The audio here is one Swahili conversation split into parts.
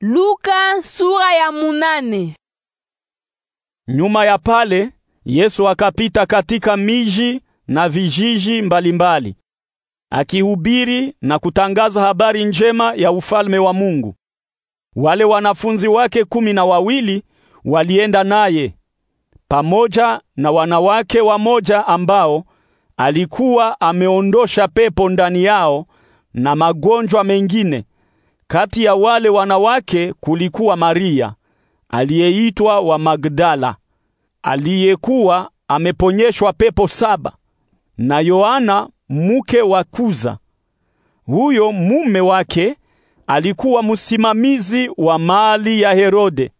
Luka sura ya munane. Nyuma ya pale Yesu akapita katika miji na vijiji mbalimbali akihubiri na kutangaza habari njema ya ufalme wa Mungu. Wale wanafunzi wake kumi na wawili walienda naye pamoja na wanawake wamoja ambao alikuwa ameondosha pepo ndani yao na magonjwa mengine kati ya wale wanawake kulikuwa Maria aliyeitwa wa Magdala, aliyekuwa ameponyeshwa pepo saba, na Yohana mke wa Kuza. Huyo mume wake alikuwa msimamizi wa mali ya Herode,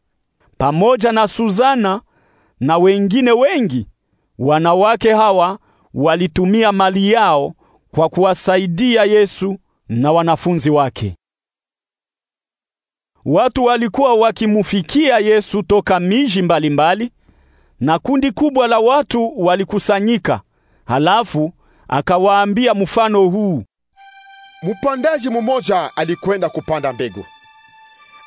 pamoja na Suzana na wengine wengi. Wanawake hawa walitumia mali yao kwa kuwasaidia Yesu na wanafunzi wake. Watu walikuwa wakimufikia Yesu toka miji mbalimbali na kundi kubwa la watu walikusanyika. Halafu akawaambia mfano huu: mpandaji mmoja alikwenda kupanda mbegu.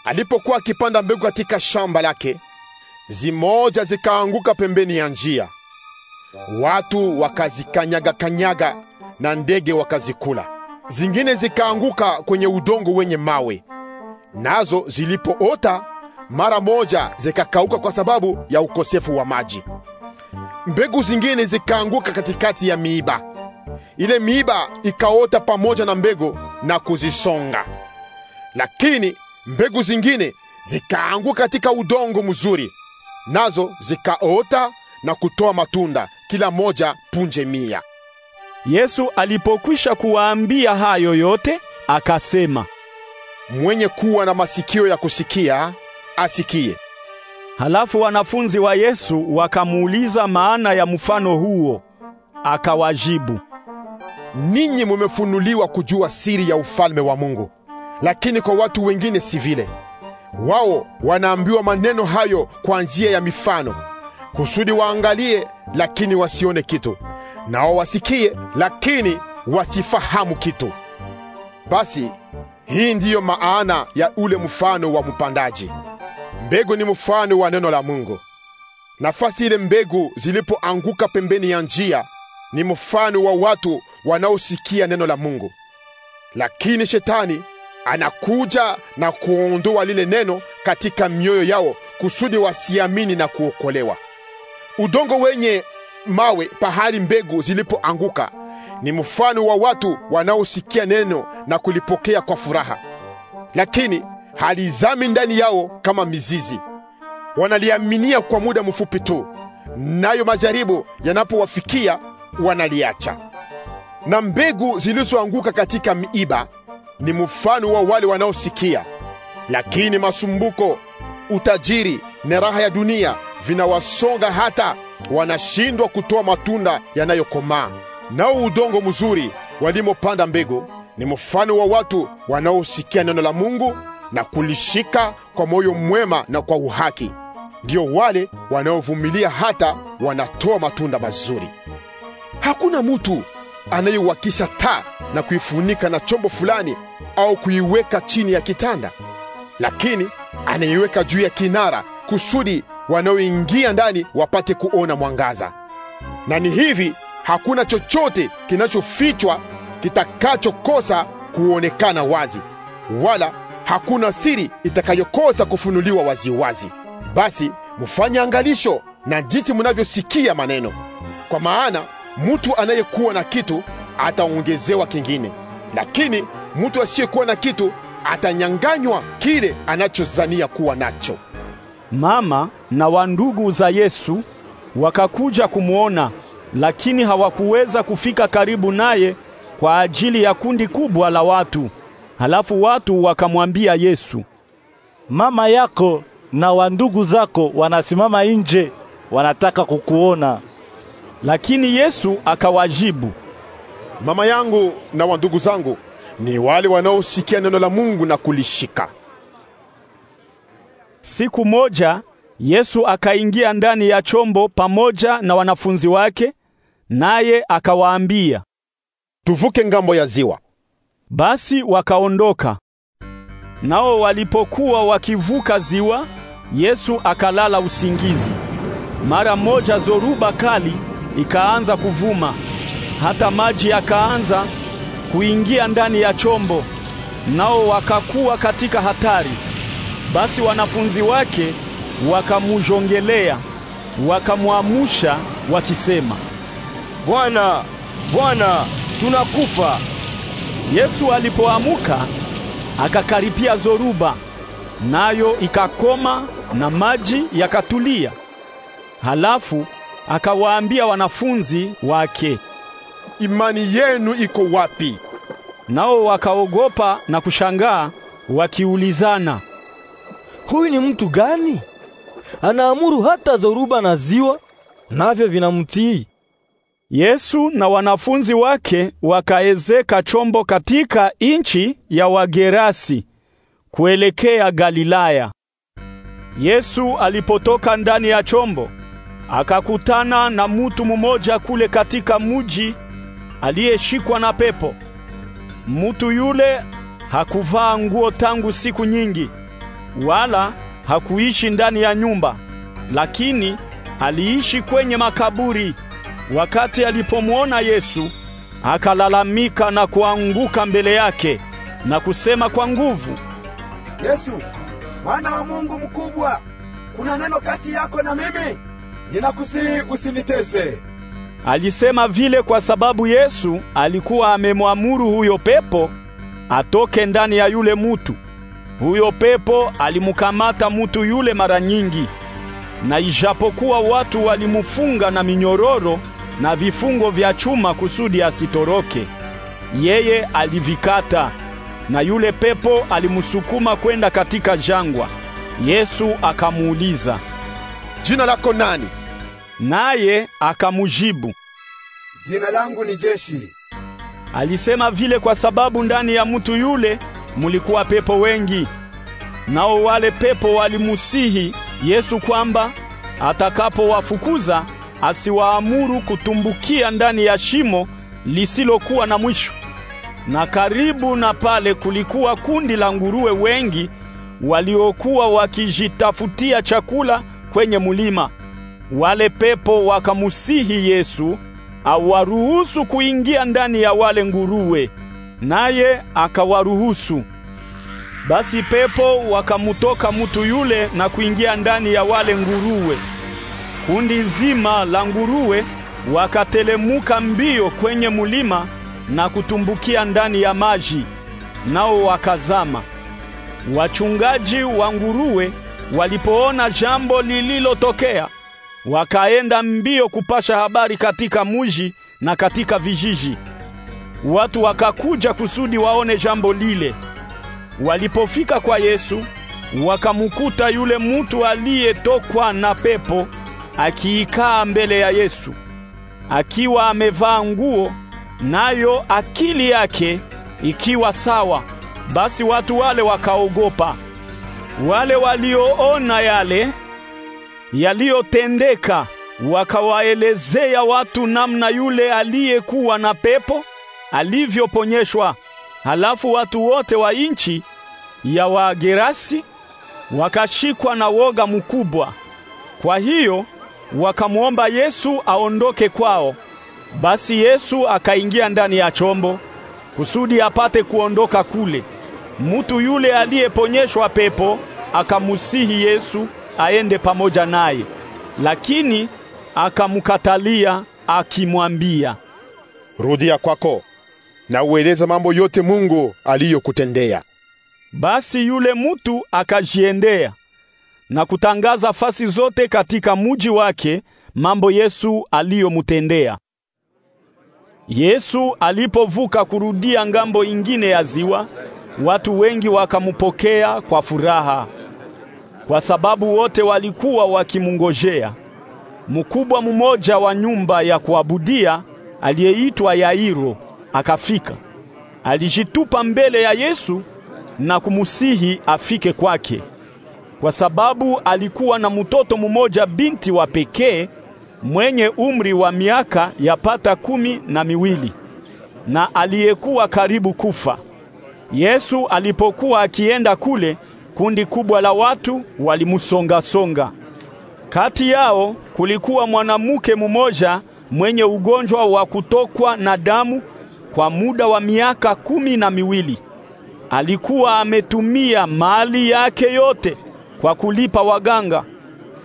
Alipokuwa akipanda mbegu katika shamba lake, zimoja zikaanguka pembeni ya njia, watu wakazikanyaga kanyaga na ndege wakazikula. Zingine zikaanguka kwenye udongo wenye mawe nazo zilipoota mara moja zikakauka kwa sababu ya ukosefu wa maji. Mbegu zingine zikaanguka katikati ya miiba, ile miiba ikaota pamoja na mbegu na kuzisonga, lakini mbegu zingine zikaanguka katika udongo mzuri, nazo zikaota na kutoa matunda, kila moja punje mia. Yesu alipokwisha kuwaambia hayo yote akasema mwenye kuwa na masikio ya kusikia asikie. Halafu wanafunzi wa Yesu wakamuuliza maana ya mfano huo, akawajibu, ninyi mumefunuliwa kujua siri ya ufalme wa Mungu, lakini kwa watu wengine si vile. Wao wanaambiwa maneno hayo kwa njia ya mifano, kusudi waangalie, lakini wasione kitu, nao wasikie, lakini wasifahamu kitu. Basi hii ndiyo maana ya ule mfano wa mpandaji. Mbegu ni mfano wa neno la Mungu. Nafasi ile mbegu zilipoanguka pembeni ya njia ni mfano wa watu wanaosikia neno la Mungu, lakini shetani anakuja na kuondoa lile neno katika mioyo yao kusudi wasiamini na kuokolewa. Udongo wenye mawe pahali mbegu zilipoanguka ni mfano wa watu wanaosikia neno na kulipokea kwa furaha, lakini halizami ndani yao kama mizizi. Wanaliaminia kwa muda mfupi tu, nayo majaribu yanapowafikia wanaliacha. Na mbegu zilizoanguka katika miiba ni mfano wa wale wanaosikia, lakini masumbuko, utajiri na raha ya dunia vinawasonga hata wanashindwa kutoa matunda yanayokomaa nao udongo mzuri walimopanda mbegu ni mfano wa watu wanaosikia neno la Mungu na kulishika kwa moyo mwema na kwa uhaki. Ndio wale wanaovumilia hata wanatoa matunda mazuri. Hakuna mtu anayewakisha taa na kuifunika na chombo fulani au kuiweka chini ya kitanda, lakini anaiweka juu ya kinara kusudi wanaoingia ndani wapate kuona mwangaza. Na ni hivi hakuna chochote kinachofichwa kitakachokosa kuonekana wazi, wala hakuna siri itakayokosa kufunuliwa waziwazi wazi. Basi mfanye angalisho na jinsi mnavyosikia maneno, kwa maana mtu anayekuwa na kitu ataongezewa kingine, lakini mtu asiyekuwa na kitu atanyang'anywa kile anachozania kuwa nacho. Mama na wandugu za Yesu wakakuja kumwona lakini hawakuweza kufika karibu naye kwa ajili ya kundi kubwa la watu. Halafu watu wakamwambia Yesu, mama yako na wandugu zako wanasimama nje, wanataka kukuona. Lakini Yesu akawajibu, mama yangu na wandugu zangu ni wale wanaosikia neno la Mungu na kulishika. Siku moja Yesu akaingia ndani ya chombo pamoja na wanafunzi wake naye akawaambia, tuvuke ngambo ya ziwa. Basi wakaondoka. Nao walipokuwa wakivuka ziwa, Yesu akalala usingizi. Mara moja zoruba kali ikaanza kuvuma, hata maji yakaanza kuingia ndani ya chombo, nao wakakuwa katika hatari. Basi wanafunzi wake wakamujongelea, wakamwamusha wakisema Bwana, Bwana, tunakufa. Yesu alipoamuka akakaripia zoruba, nayo ikakoma na maji yakatulia. Halafu akawaambia wanafunzi wake, imani yenu iko wapi? Nao wakaogopa na kushangaa, wakiulizana, huyu ni mtu gani? Anaamuru hata zoruba na ziwa navyo vinamtii. Yesu na wanafunzi wake wakaezeka chombo katika inchi ya Wagerasi kuelekea Galilaya. Yesu alipotoka ndani ya chombo, akakutana na mutu mmoja kule katika muji aliyeshikwa na pepo. Mutu yule hakuvaa nguo tangu siku nyingi, wala hakuishi ndani ya nyumba, lakini aliishi kwenye makaburi. Wakati alipomwona Yesu, akalalamika na kuanguka mbele yake na kusema kwa nguvu, Yesu, mwana wa Mungu mkubwa, kuna neno kati yako na mimi? Ninakusihi usinitese. Alisema vile kwa sababu Yesu alikuwa amemwamuru huyo pepo atoke ndani ya yule mutu. Huyo pepo alimkamata mutu yule mara nyingi, na ijapokuwa watu walimufunga na minyororo na vifungo vya chuma kusudi asitoroke. Yeye alivikata na yule pepo alimsukuma kwenda katika jangwa. Yesu akamuuliza, jina lako nani? Naye akamujibu, jina langu ni Jeshi. Alisema vile kwa sababu ndani ya mtu yule mulikuwa pepo wengi, nao wale pepo walimusihi Yesu kwamba atakapowafukuza asiwaamuru kutumbukia ndani ya shimo lisilokuwa na mwisho. Na karibu na pale kulikuwa kundi la nguruwe wengi waliokuwa wakijitafutia chakula kwenye mulima. Wale pepo wakamusihi Yesu awaruhusu kuingia ndani ya wale nguruwe, naye akawaruhusu. Basi pepo wakamutoka mutu yule na kuingia ndani ya wale nguruwe. Kundi zima la nguruwe wakatelemuka mbio kwenye mulima na kutumbukia ndani ya maji, nao wakazama. Wachungaji wa nguruwe walipoona jambo lililotokea, wakaenda mbio kupasha habari katika muji na katika vijiji. Watu wakakuja kusudi waone jambo lile. Walipofika kwa Yesu, wakamukuta yule mutu aliyetokwa na pepo akiikaa mbele ya Yesu akiwa amevaa nguo nayo akili yake ikiwa sawa. Basi watu wale wakaogopa. Wale walioona yale yaliyotendeka wakawaelezea watu namna yule aliyekuwa na pepo alivyoponyeshwa. Halafu watu wote wa nchi ya Wagerasi wakashikwa na woga mkubwa. Kwa hiyo wakamwomba Yesu aondoke kwao. Basi Yesu akaingia ndani ya chombo kusudi apate kuondoka kule. Mutu yule aliyeponyeshwa pepo akamusihi Yesu aende pamoja naye, lakini akamkatalia akimwambia, rudia kwako na ueleze mambo yote Mungu aliyokutendea. Basi yule mutu akajiendea na kutangaza fasi zote katika muji wake mambo Yesu aliyomtendea. Yesu alipovuka kurudia ngambo ingine ya ziwa, watu wengi wakamupokea kwa furaha, kwa sababu wote walikuwa wakimungojea. Mkubwa mmoja wa nyumba ya kuabudia aliyeitwa Yairo akafika. Alijitupa mbele ya Yesu na kumusihi afike kwake kwa sababu alikuwa na mtoto mmoja binti wa pekee mwenye umri wa miaka yapata kumi na miwili na aliyekuwa karibu kufa. Yesu alipokuwa akienda kule, kundi kubwa la watu walimusonga-songa. Kati yao kulikuwa mwanamke mmoja mwenye ugonjwa wa kutokwa na damu kwa muda wa miaka kumi na miwili. Alikuwa ametumia mali yake yote kwa kulipa waganga,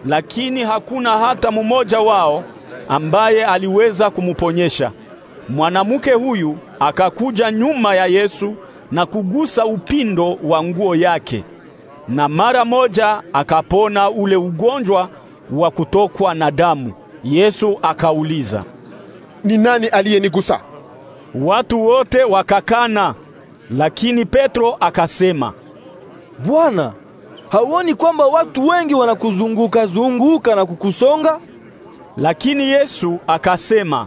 lakini hakuna hata mmoja wao ambaye aliweza kumuponyesha. Mwanamke huyu akakuja nyuma ya Yesu na kugusa upindo wa nguo yake, na mara moja akapona ule ugonjwa wa kutokwa na damu. Yesu akauliza, ni nani aliyenigusa? Watu wote wakakana, lakini Petro akasema, Bwana, Hauoni kwamba watu wengi wanakuzunguka zunguka na kukusonga? Lakini Yesu akasema,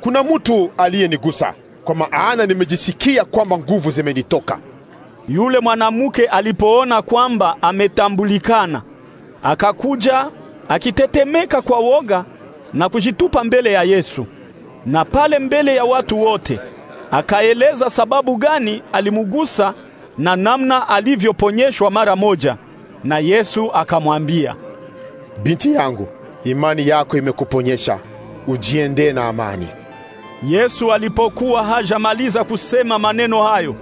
kuna mtu aliyenigusa, kwa maana nimejisikia kwamba nguvu zimenitoka. Yule mwanamke alipoona kwamba ametambulikana, akakuja akitetemeka kwa woga na kujitupa mbele ya Yesu, na pale mbele ya watu wote akaeleza sababu gani alimugusa na namna alivyoponyeshwa mara moja, na Yesu akamwambia, binti yangu, imani yako imekuponyesha, ujiende na amani. Yesu alipokuwa hajamaliza kusema maneno hayo,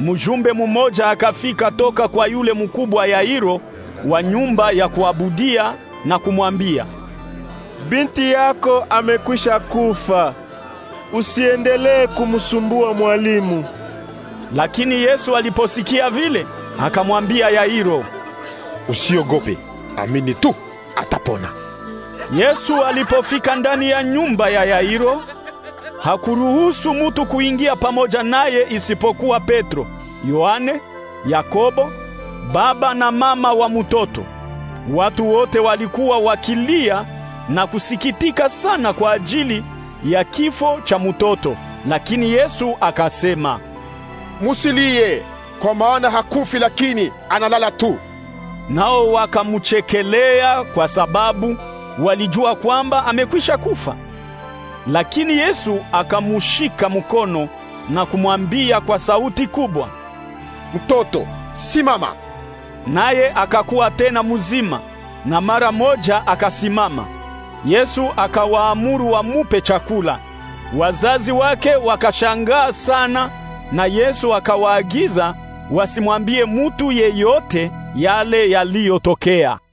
mjumbe mmoja akafika toka kwa yule mkubwa Yairo wa nyumba ya kuabudia na kumwambia, binti yako amekwisha kufa, usiendelee kumsumbua mwalimu. Lakini Yesu aliposikia vile, akamwambia Yairo, usiogope, amini tu atapona. Yesu alipofika ndani ya nyumba ya Yairo, hakuruhusu mutu kuingia pamoja naye isipokuwa Petro, Yohane, Yakobo, baba na mama wa mutoto. Watu wote walikuwa wakilia na kusikitika sana kwa ajili ya kifo cha mutoto, lakini Yesu akasema musilie, kwa maana hakufi, lakini analala tu. Nao wakamchekelea kwa sababu walijua kwamba amekwisha kufa. Lakini Yesu akamushika mkono na kumwambia kwa sauti kubwa, mtoto, simama. Naye akakuwa tena mzima na mara moja akasimama. Yesu akawaamuru wamupe chakula. Wazazi wake wakashangaa sana na Yesu akawaagiza wasimwambie mutu yeyote yale yaliyotokea.